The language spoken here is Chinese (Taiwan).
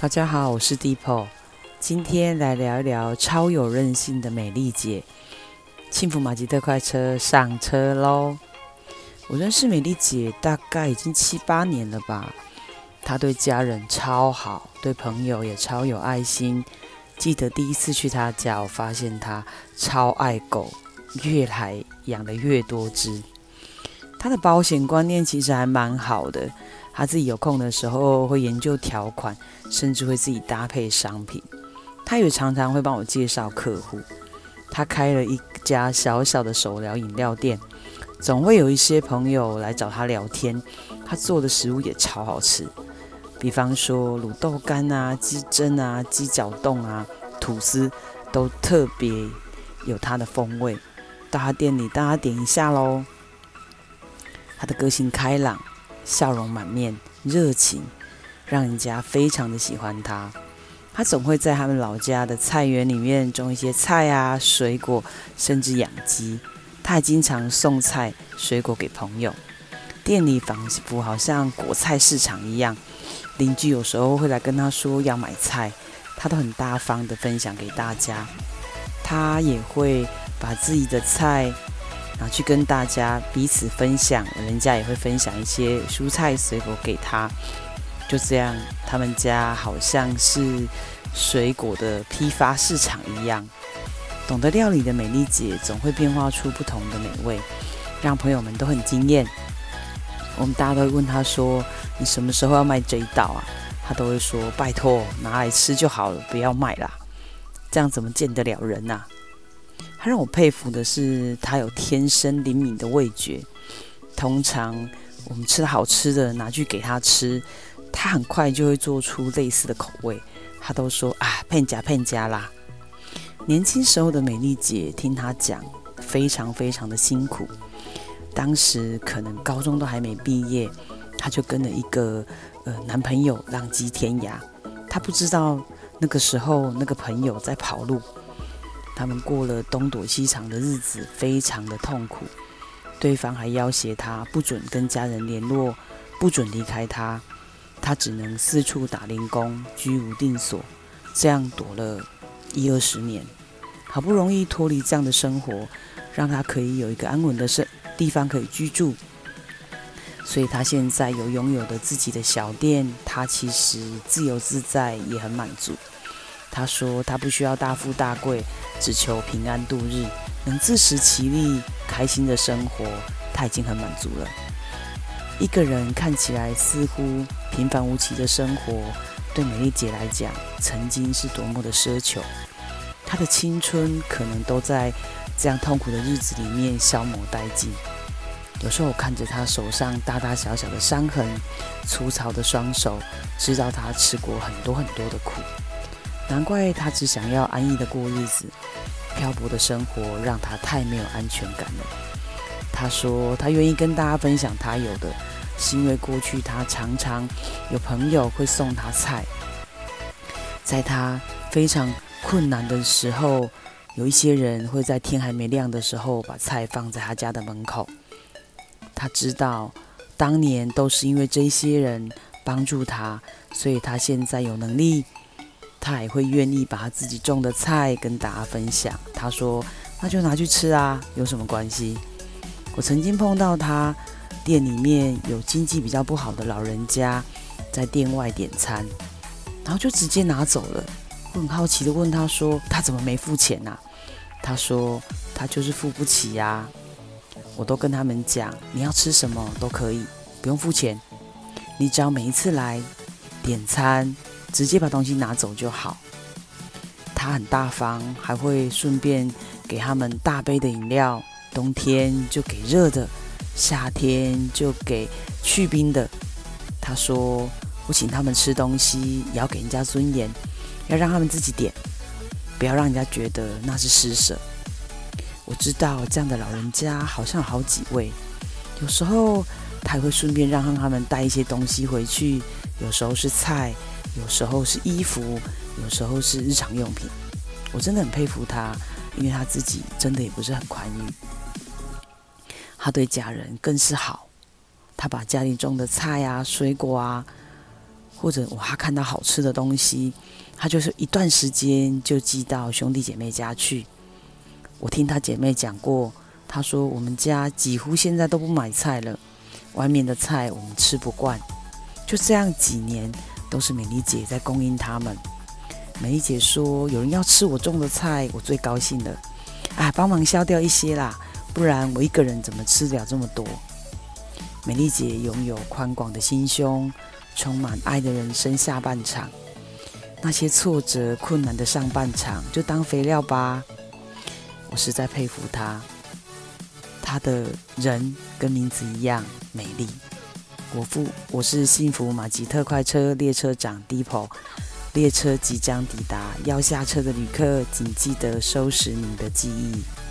大家好，我是 Deepo，今天來聊一聊超有韌性的美麗姐。幸福馬吉特快車上車嘍！我認識美麗姐大概已經七八年了吧，她對家人超好，對朋友也超有愛心。記得第一次去她家，我發現她超愛狗，越來養得越多隻。她的保險觀念其實還蠻好的。他自己有空的時候會研究條款，甚至會自己搭配商品。他也常常會幫我介紹客戶。他開了一家小小的手搖飲料店，總會有一些朋友來找他聊天。他做的食物也超好吃，比方說滷豆干啊、雞胗啊、雞腳凍啊、吐司，都特別有他的風味。到他店裡大家點一下嘍。他的個性開朗，笑容滿面，熱情，讓人家非常的喜歡他。他總會在他們老家的菜園裡面種一些菜啊、水果，甚至養雞。他還經常送菜、水果給朋友。店裡仿佛好像果菜市場一樣，鄰居有時候會來跟他說要買菜，他都很大方的分享給大家。他也會把自己的菜。拿去跟大家彼此分享，人家也會分享一些蔬菜水果給他，就這樣，他們家好像是水果的批發市場一樣。懂得料理的美麗姐總會變化出不同的美味，讓朋友們都很驚艷。我們大家都會問她說：“你什麼時候要賣這一道啊？”她都會說：“拜托，拿來吃就好了，不要賣啦，這樣怎麼見得了人吶、啊？”他讓我佩服的是，他有天生靈敏的味覺。通常我們吃的好吃的拿去給他吃，他很快就會做出類似的口味。他都說啊，偏家偏家啦。年輕時候的美麗姐聽他講，非常非常的辛苦。當時可能高中都還沒畢業，他就跟了一個呃男朋友浪跡天涯。他不知道那個時候那個朋友在跑路。他們過了東躲西藏的日子，非常的痛苦。對方還要挾他，不准跟家人聯絡，不准離開他。他只能四處打零工，居無定所，這樣躲了一二十年。好不容易脫離這樣的生活，讓他可以有一個安穩的地方可以居住。所以他現在有擁有的自己的小店，他其實自由自在，也很滿足。他說：“他不需要大富大貴，只求平安度日，能自食其力，開心的生活，他已經很滿足了。一個人看起來似乎平凡無奇的生活，對美麗姐來講，曾經是多麼的奢求。她的青春可能都在這樣痛苦的日子裡面消磨殆盡。有時候我看着她手上大大小小的傷痕，粗糙的雙手，知道她吃過很多很多的苦。”難怪他只想要安逸的過日子，漂泊的生活讓他太沒有安全感了。他說，他願意跟大家分享他有的，是因為過去他常常有朋友會送他菜，在他非常困難的時候，有一些人會在天還沒亮的時候把菜放在他家的門口。他知道，當年都是因為這些人幫助他，所以他現在有能力。他也會願意把他自己種的菜跟大家分享。他說：“那就拿去吃啊，有什麼關係？”我曾經碰到他店裡面有經濟比較不好的老人家在店外點餐，然後就直接拿走了。我很好奇的問他說：“他怎麼沒付錢啊？”他說：“他就是付不起呀。”我都跟他們講：“你要吃什麼都可以，不用付錢。你只要每一次來點餐。”直接把東西拿走就好。他很大方，還會順便給他們大杯的飲料。冬天就給熱的，夏天就給去冰的。他說：“我請他們吃東西，也要給人家尊嚴，要讓他們自己點，不要讓人家覺得那是施捨。”我知道這樣的老人家好像好幾位。有時候他還會順便讓他們帶一些東西回去，有時候是菜。有時候是衣服，有時候是日常用品。我真的很佩服他，因為他自己真的也不是很寬裕。他對家人更是好，他把家裡種的菜啊、水果啊，或者哇，看到好吃的東西，他就是一段時間就寄到兄弟姐妹家去。我聽他姐妹講過，她說，我們家幾乎現在都不買菜了，外面的菜我們吃不慣。就這樣幾年。都是美麗姐在供應他們。美麗姐說：“有人要吃我種的菜，我最高興了。啊，幫忙削掉一些啦，不然我一個人怎麼吃得了這麼多？”美麗姐擁有寬廣的心胸，充滿愛的人生下半場，那些挫折困難的上半場就當肥料吧。我實在佩服她，她的人跟名字一樣美麗。國父，我是幸福馬吉特快車列車長 Diplo，列車即將抵達，要下車的旅客，請記得收拾你的記憶。